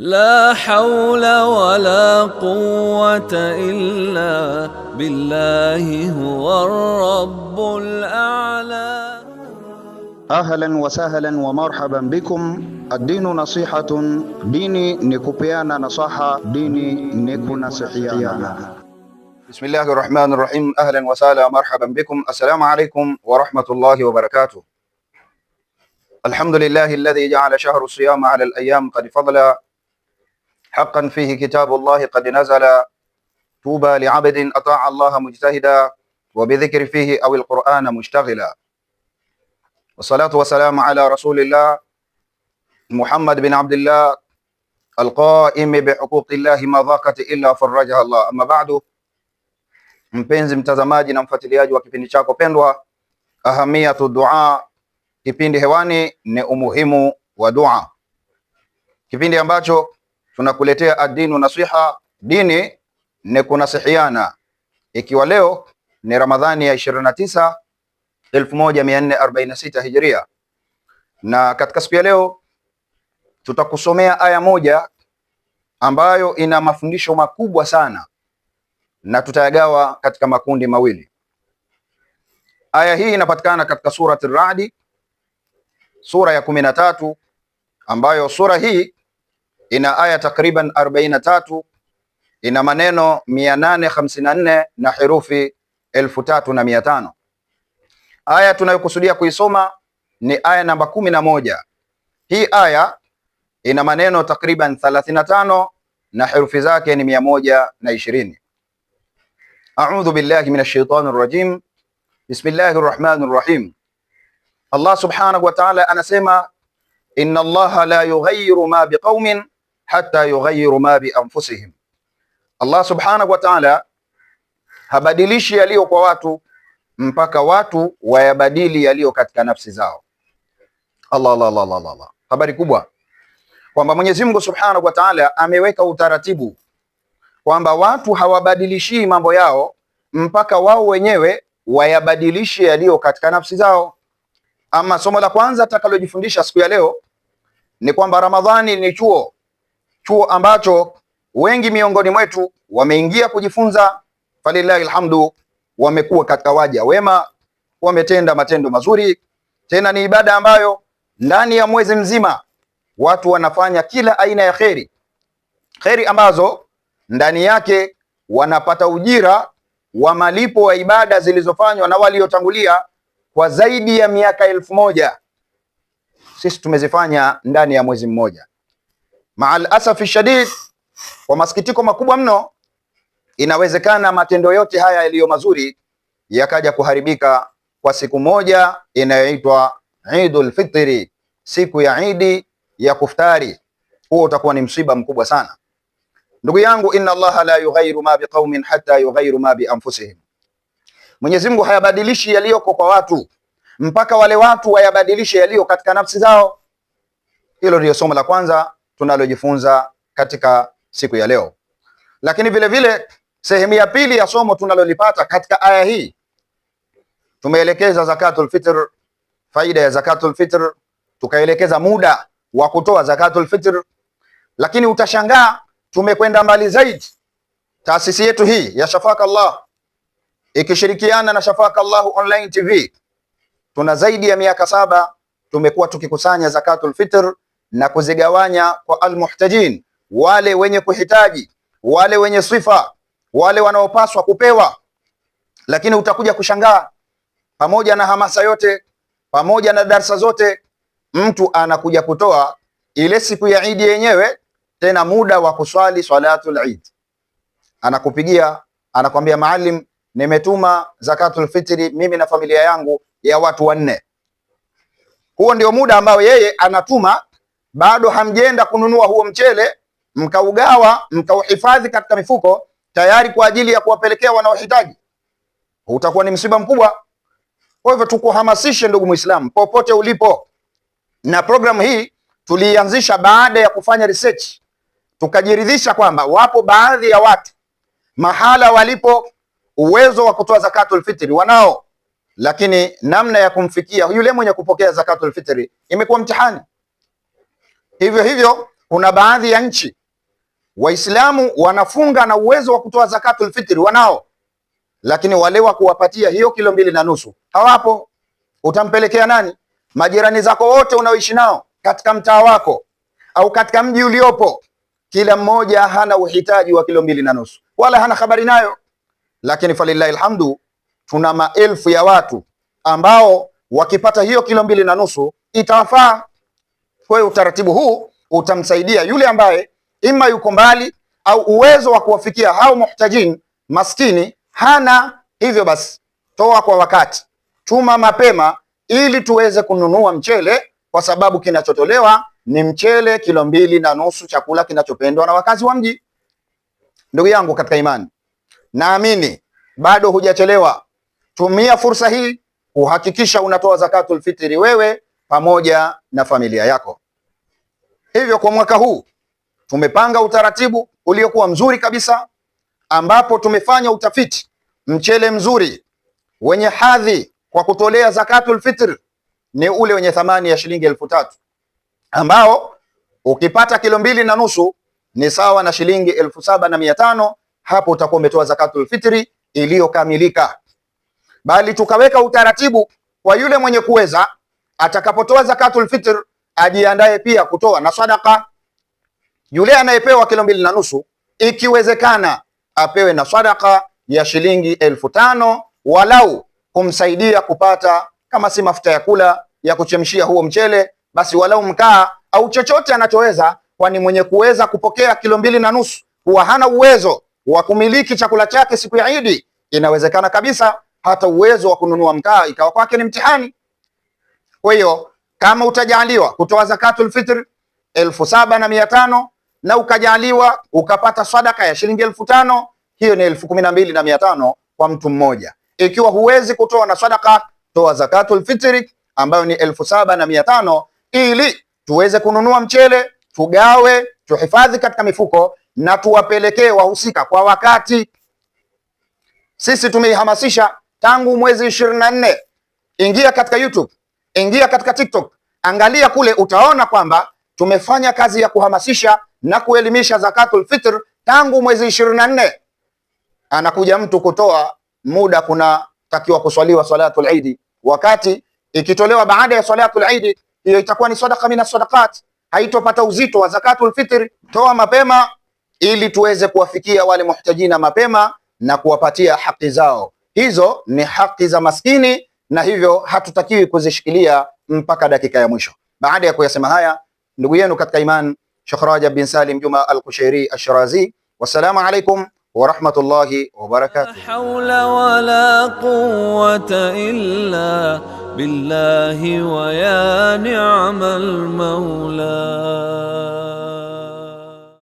لا حول ولا قوة إلا بالله هو الرب الأعلى أهلا وسهلا ومرحبا بكم الدين نصيحة ديني نكوبيانا نصحة ديني نكونسحيانا بسم الله الرحمن الرحيم أهلا وسهلا ومرحبا بكم السلام عليكم ورحمة الله وبركاته الحمد لله الذي جعل شهر الصيام على الأيام قد فضل حقا فيه كتاب الله قد نزل طوبى لعبد أطاع الله مجتهدا وبذكر فيه أو القرآن مشتغلا والصلاة والسلام على رسول الله محمد بن عبد الله القائم بحقوق الله dhaqat illa farajaha Allah. Amma ba'du, mpenzi mtazamaji na mfuatiliaji wa kipindi chako pendwa Ahamiyatu Dua, kipindi hewani ni umuhimu wa dua, kipindi ambacho tunakuletea adinu nasiha, dini ni kunasihiana, ikiwa leo ni Ramadhani ya 29 1446 Hijria, na katika siku ya leo tutakusomea aya moja ambayo ina mafundisho makubwa sana, na tutayagawa katika makundi mawili. Aya hii inapatikana katika surati Ar-Ra'd, sura ya kumi na tatu, ambayo sura hii ina aya takriban 43 ina maneno 854 na herufi elfu tatu na mia tano. Aya tunayokusudia kuisoma ni aya namba kumi na moja. Hii aya ina maneno takriban 35 na herufi zake ni mia moja na ishirini. A'udhu billahi minash shaitani rrajim. Bismillahir rahmanir rahim. Allah subhanahu wa ta'ala anasema, inna Allaha la yughayyiru ma biqaumin hata yughayyiru ma bi anfusihim. Allah subhanahu wa ta'ala habadilishi yaliyo kwa watu mpaka watu wayabadili yaliyo katika nafsi zao. Allah, Allah, Allah, Allah, Allah. Habari kubwa kwamba Mwenyezi Mungu subhanahu wa ta'ala ameweka utaratibu kwamba watu hawabadilishii mambo yao mpaka wao wenyewe wayabadilishe yaliyo katika nafsi zao. Ama somo la kwanza atakalojifundisha siku ya leo ni kwamba Ramadhani ni chuo chuo ambacho wengi miongoni mwetu wameingia kujifunza, Falilahi alhamdu, wamekuwa katika waja wema, wametenda matendo mazuri. Tena ni ibada ambayo ndani ya mwezi mzima watu wanafanya kila aina ya kheri, kheri ambazo ndani yake wanapata ujira wa malipo wa ibada zilizofanywa na waliotangulia kwa zaidi ya miaka elfu moja. Sisi tumezifanya ndani ya mwezi mmoja. Maal asafi shadid, kwa masikitiko makubwa mno, inawezekana matendo yote haya yaliyo mazuri yakaja kuharibika kwa siku moja inayoitwa Idul Fitri, siku ya Idi ya kuftari. Huo utakuwa ni msiba mkubwa sana ndugu yangu. Inna Allaha la yughayiru ma biqaumin hatta yughayiru ma bi anfusihim, Mwenyezi Mungu hayabadilishi yaliyoko kwa watu mpaka wale watu wayabadilishe yaliyo katika nafsi zao. Hilo ndio somo la kwanza tunalojifunza katika siku ya leo. Lakini vile vile sehemu ya pili ya somo tunalolipata katika aya hii tumeelekeza zakatul fitr, faida ya zakatul fitr, tukaelekeza muda wa kutoa zakatul fitr, lakini utashangaa tumekwenda mbali zaidi. Taasisi yetu hii ya Shafaka Allah ikishirikiana na Shafaka Allah Online TV tuna zaidi ya miaka saba tumekuwa tukikusanya zakatul fitr na kuzigawanya kwa almuhtajin, wale wenye kuhitaji, wale wenye sifa, wale wanaopaswa kupewa. Lakini utakuja kushangaa, pamoja na hamasa yote, pamoja na darsa zote, mtu anakuja kutoa ile siku ya Idi yenyewe, tena muda wa kuswali swalatul Eid, anakupigia anakwambia, maalim, nimetuma zakatul fitri mimi na familia yangu ya watu wanne. Huo ndio muda ambao yeye anatuma bado hamjenda kununua huo mchele mkaugawa mkauhifadhi katika mifuko tayari kwa ajili ya kuwapelekea wanaohitaji, utakuwa ni msiba mkubwa. Kwa hivyo tukuhamasishe ndugu Muislamu popote ulipo, na programu hii tuliianzisha baada ya kufanya research, tukajiridhisha kwamba wapo baadhi ya watu mahala walipo uwezo wa kutoa zakatul fitri wanao, lakini namna ya kumfikia yule mwenye kupokea zakatul fitri imekuwa mtihani. Hivyo hivyo kuna baadhi ya nchi Waislamu wanafunga na uwezo wa kutoa zakatul fitri wanao, lakini wale wa kuwapatia hiyo kilo mbili na nusu hawapo. Utampelekea nani? Majirani zako wote unaoishi nao katika mtaa wako au katika mji uliopo, kila mmoja hana uhitaji wa kilo mbili na nusu wala hana habari nayo. Lakini falillahi alhamdu, tuna maelfu ya watu ambao wakipata hiyo kilo mbili na nusu itawafaa kwa hiyo utaratibu huu utamsaidia yule ambaye ima yuko mbali au uwezo wa kuwafikia hao muhtajin maskini hana. Hivyo basi, toa kwa wakati, tuma mapema ili tuweze kununua mchele, kwa sababu kinachotolewa ni mchele kilo mbili na nusu, chakula kinachopendwa na wakazi wa mji. Ndugu yangu katika imani, naamini bado hujachelewa. Tumia fursa hii kuhakikisha unatoa zakatul fitri wewe pamoja na familia yako. Hivyo kwa mwaka huu tumepanga utaratibu uliokuwa mzuri kabisa, ambapo tumefanya utafiti mchele mzuri wenye hadhi kwa kutolea zakatul fitr ni ule wenye thamani ya shilingi elfu tatu ambao ukipata kilo mbili na nusu ni sawa na shilingi elfu saba na mia tano Hapo utakuwa umetoa zakatul fitri iliyokamilika, bali tukaweka utaratibu kwa yule mwenye kuweza atakapotoa zakatul fitr ajiandaye pia kutoa na sadaka. Yule anayepewa kilo mbili na nusu, ikiwezekana apewe na sadaka ya shilingi elfu tano walau kumsaidia kupata kama si mafuta ya kula ya kuchemshia huo mchele, basi walau mkaa au chochote anachoweza, kwani mwenye kuweza kupokea kilo mbili na nusu huwa hana uwezo wa kumiliki chakula chake siku ya Idi. Inawezekana kabisa hata uwezo wa kununua mkaa ikawa kwake ni mtihani. Kwa hiyo kama utajaliwa kutoa zakatul fitr elfu saba na mia tano na ukajaliwa ukapata sadaka ya shilingi elfu tano hiyo ni elfu kumi na mbili na mia tano kwa mtu mmoja. Ikiwa huwezi kutoa na sadaka, toa zakatul fitr ambayo ni elfu saba na mia tano ili tuweze kununua mchele, tugawe, tuhifadhi katika mifuko na tuwapelekee wahusika kwa wakati. Sisi tumeihamasisha tangu mwezi ishirini na nne. Ingia katika YouTube Ingia katika TikTok, angalia kule, utaona kwamba tumefanya kazi ya kuhamasisha na kuelimisha zakatul fitr tangu mwezi ishirini na nne. Anakuja mtu kutoa muda kunatakiwa kuswaliwa salatul Eid, wakati ikitolewa baada ya salatul Eid, hiyo itakuwa ni sadaqa mina sadaqat, haitopata uzito wa zakatul fitr. Toa mapema ili tuweze kuwafikia wale muhtajina mapema na kuwapatia haki zao. Hizo ni haki za maskini na hivyo hatutakiwi kuzishikilia mpaka dakika ya mwisho. Baada ya kuyasema haya, ndugu yenu katika iman Sheikh Rajab bin Salim Juma Al-Kushairi Ash-Shirazi. Wassalamu alaykum wa rahmatullahi wa barakatuh. hawla wa la quwwata illa billahi wa ya ni'mal mawla.